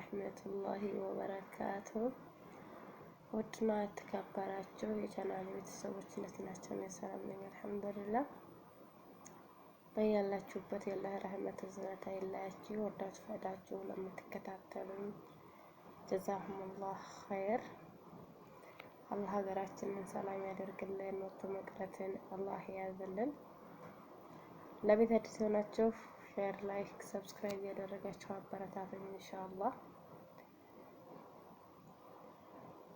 ወረህመቱላሂ ወበረካቱ። ውድና የተከበራችሁ የቻናል ቤተሰቦች እንዴት ናቸው? እኔ ሰላም ነኝ አልሐምዱሊላህ። በያላችሁበት የአላህ ረህመት እዝነት አይለያችሁ። ወርዳችሁ ፈዳችሁ ለምትከታተሉኝ ጀዛሁሙላህ ኸይር። አላህ ሀገራችንን ሰላም ያደርግልን፣ ወጥቶ መቅረትን አላህ ያዝልን። ለቤት አዲስ የሆናችሁ ሼር፣ ላይክ፣ ሰብስክራይብ ያደረጋችሁ አበረታቱኝ ኢንሻአላህ።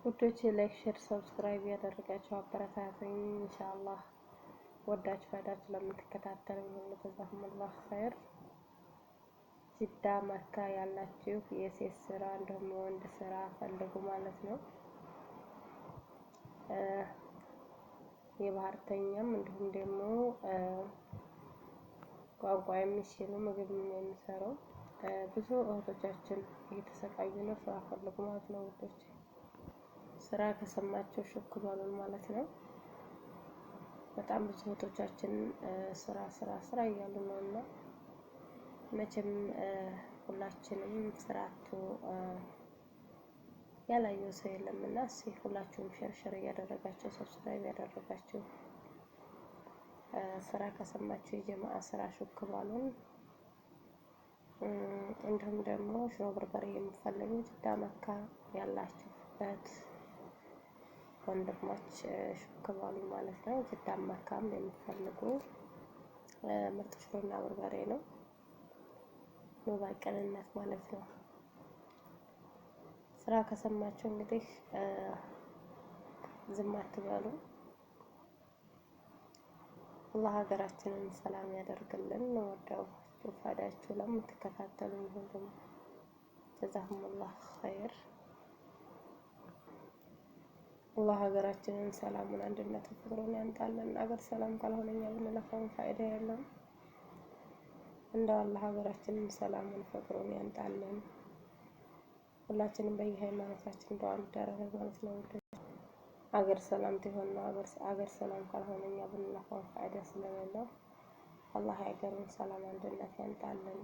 ውዶች ላይክ፣ ሼር፣ ሰብስክራይብ ያደረጋችሁ አበረታቱኝ ኢንሻአላህ። ወዳችሁ ፈዳችሁ ለምትከታተሉኝ ሁሉ ጀዛኩሙላሁ ኸይር። ጅዳ መካ ያላችሁ የሴት ስራ እንደውም የወንድ ስራ ፈልጉ ማለት ነው። የባህርተኛም እንዲሁም ደግሞ ቋንቋ የሚችሉ ምግብ የሚሰራው ብዙ እህቶቻችን እየተሰቃዩ ነው። ስራ ፈልጉ ማለት ነው ውዶች። ስራ ከሰማቸው ሸክሏሉን ማለት ነው። በጣም ብዙ እህቶቻችን ስራ ስራ ስራ እያሉ ነው እና መቼም ሁላችንም ስራቱ ያላየው ሰው የለም እና ሁላችሁም ሸርሸር እያደረጋቸው ሰብስክራይብ ያደረጋቸው ስራ ከሰማችሁ የጀማአ ስራ ሹክ ባሉን። እንዲሁም ደግሞ ሽሮ በርበሬ የምትፈልጉ ጅዳ መካ ያላችሁ ወንድሞች ሹክ ባሉ ማለት ነው። ጅዳ መካም የምትፈልጉ ምርጥ ሽሮና በርበሬ ነው። ኑባ ቅንነት ማለት ነው። ስራ ከሰማችሁ እንግዲህ ዝም አትበሉ። አላህ ሀገራችንን ሰላም ያደርግልን። ወዳችሁ ይሁን ለምትከታተሉኝ ሁሉም ጀዛሁሙላህ ኸይር። አላህ ሀገራችንን ሰላሙን፣ አንድነት፣ ፍቅሩን ያምጣልን። አገር ሰላም ካልሆነ እኛ ብንለፋውን ፋይዳ የለውም። እንደው አላህ ሀገራችንን ሰላሙን፣ ፍቅሩን ያምጣልን። ሁላችንም በየሃይማኖታችን እንደው አንድ ማለት ነው። አገር ሰላም ትሆንና አገር ሰላም ካልሆነ እኛ ብንለፋውን ፋይዳ ስለሌለው አላህ የአገሩን ሰላም አንድነት ያምጣልን።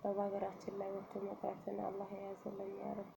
በሀገራችን ላይ ወጥቶ መቅረትን አላህ የያዘልን ያረግ